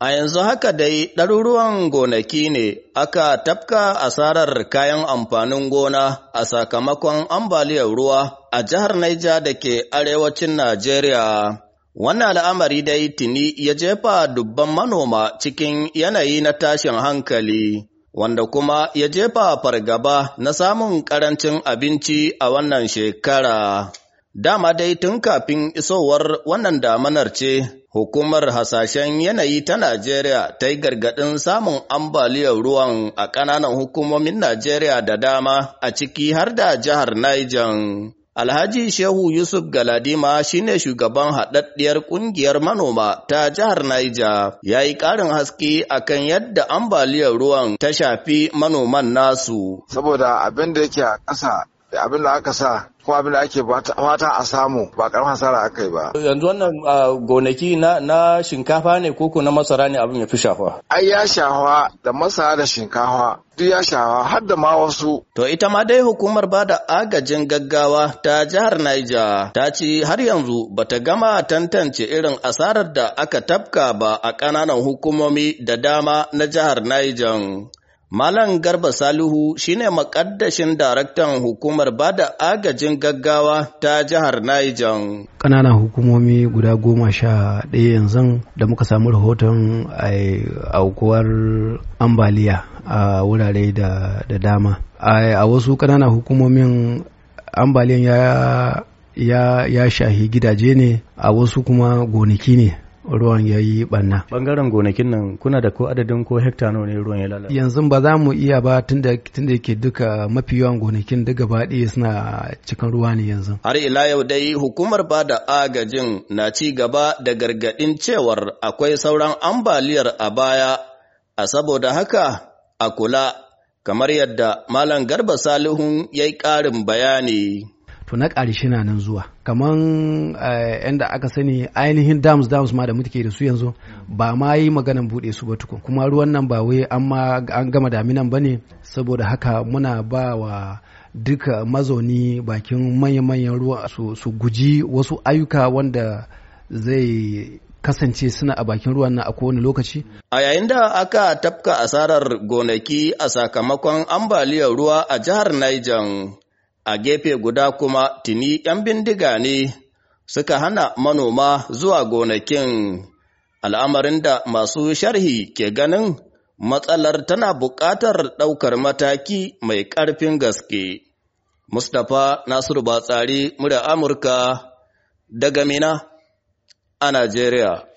A yanzu haka dai ɗaruruwan gonaki ne aka tafka asarar kayan amfanin gona a sakamakon ambaliyar ruwa a jihar Naija da ke arewacin Najeriya. Wannan al'amari dai tuni ya jefa dubban manoma cikin yanayi na tashin hankali, wanda kuma ya jefa fargaba na samun ƙarancin abinci a wannan shekara. Dama dai tun kafin isowar wannan damanar ce, hukumar hasashen yanayi ta Najeriya ta yi gargaɗin samun ambaliyar ruwan a ƙananan hukumomin Najeriya da dama a ciki har da jihar Niger. Alhaji Shehu Yusuf Galadima shine shugaban haɗaɗɗiyar ƙungiyar manoma ta jihar Niger. ya yi ƙarin haske akan yadda ambaliyar ruwan ta shafi manoman nasu. Saboda abin da yake a ƙasa da abin da aka sa kuma abin da ake fata a samu ba karfin hasara aka yi ba. Yanzu wannan gonaki na shinkafa ne koko na masara ne abin ya fi shafa. Ai ya shafa da masara da shinkafa duk ya shafa har da ma wasu. To ita ma dai hukumar bada agajin gaggawa ta jihar Niger ta ce har yanzu bata gama tantance irin asarar da aka tafka ba a ƙananan hukumomi da dama na jihar Niger. Malam Garba Salihu shine makaddashin daraktan hukumar ba da agajin gaggawa ta jihar Niger. Ƙananan hukumomi guda goma sha ɗaya yanzu da muka samu rahoton eh, aukuwar ambaliya a wurare da dama. Eh, a wasu ƙananan hukumomin ambaliyan ya shahi gidaje ne a wasu kuma gonaki ne. ruwan ya yi ɓanna. Bangaren gonakin nan kuna da ko adadin ko hekta nawa ne ruwan ya lalata? Yanzu ba za mu iya ba tunda tunda yake duka mafi yawan gonakin da gaba ɗaya suna cikin ruwa ne yanzu. Har ila yau dai hukumar ba da agajin na ci gaba da gargaɗin cewar akwai sauran ambaliyar a baya a saboda haka a kula kamar yadda Malam Garba Salihun ya yi ƙarin bayani. to na ƙarshe na nan zuwa kaman eh, yadda aka sani ainihin dams dams ma da muke da su yanzu ba ma yi maganan buɗe su ba tukun kuma ruwan nan ba wai an an gama daminan ba ne saboda haka muna ba wa duka mazauni bakin manya-manyan ruwa su guji wasu ayyuka wanda zai kasance suna a bakin ruwan nan a kowane lokaci. A yayin da aka tafka asarar gonaki a sakamakon ambaliyar ruwa a jihar Niger, a gefe guda kuma tuni ‘yan bindiga ne suka hana manoma zuwa gonakin al'amarin da masu sharhi ke ganin matsalar tana buƙatar ɗaukar mataki mai ƙarfin gaske. Mustapha Nasiru Batsari, murya Amurka daga Mina a Najeriya.